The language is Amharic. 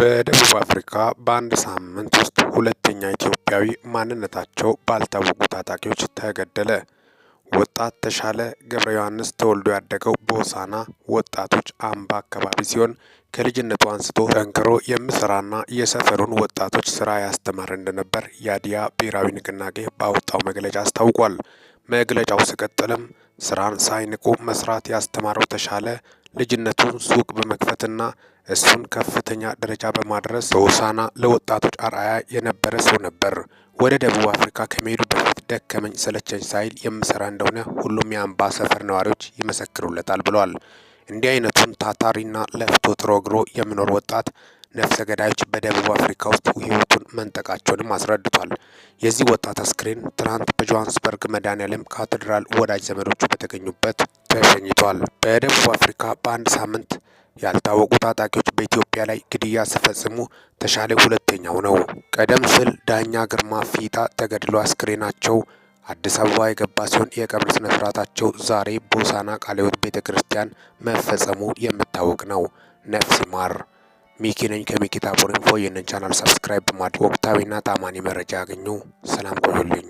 በደቡብ አፍሪካ በአንድ ሳምንት ውስጥ ሁለተኛ ኢትዮጵያዊ ማንነታቸው ባልታወቁ ታጣቂዎች ተገደለ። ወጣት ተሻለ ገብረ ዮሐንስ ተወልዶ ያደገው በሆሳና ወጣቶች አምባ አካባቢ ሲሆን ከልጅነቱ አንስቶ ጠንክሮ የምሰራና የሰፈሩን ወጣቶች ስራ ያስተማረ እንደነበር የሀዲያ ብሔራዊ ንቅናቄ ባወጣው መግለጫ አስታውቋል። መግለጫው ሲቀጥልም ስራን ሳይንቁ መስራት ያስተማረው ተሻለ ልጅነቱን ሱቅ በመክፈትና እሱን ከፍተኛ ደረጃ በማድረስ በሆሳዕና ለወጣቶች አርአያ የነበረ ሰው ነበር። ወደ ደቡብ አፍሪካ ከመሄዱ በፊት ደከመኝ ሰለቸኝ ሳይል የምሰራ እንደሆነ ሁሉም የአምባ ሰፈር ነዋሪዎች ይመሰክሩለታል ብለዋል። እንዲህ አይነቱን ታታሪና ለፍቶ ጥሮ ግሮ የሚኖር ወጣት ነፍሰ ገዳዮች በደቡብ አፍሪካ ውስጥ ሕይወቱን መንጠቃቸውንም አስረድቷል። የዚህ ወጣት አስክሬን ትናንት በጆሃንስበርግ መድኃኔዓለም ካቴድራል ወዳጅ ዘመዶቹ በተገኙበት ተሸኝቷል። በደቡብ አፍሪካ በአንድ ሳምንት ያልታወቁ ታጣቂዎች በኢትዮጵያ ላይ ግድያ ሲፈጽሙ ተሻለ ሁለተኛው ነው። ቀደም ሲል ዳኛ ግርማ ፊታ ተገድሎ አስክሬናቸው አዲስ አበባ የገባ ሲሆን የቀብር ስነ ስርዓታቸው ዛሬ ቦሳና ቃለ ሕይወት ቤተ ክርስቲያን መፈጸሙ የሚታወቅ ነው። ነፍስ ይማር። ሚኪ ነኝ ከሚኪታቦር ኢንፎ። ይህንን ቻናል ሰብስክራይብ በማድረግ ወቅታዊና ታማኒ መረጃ ያገኙ። ሰላም ቆዩልኝ።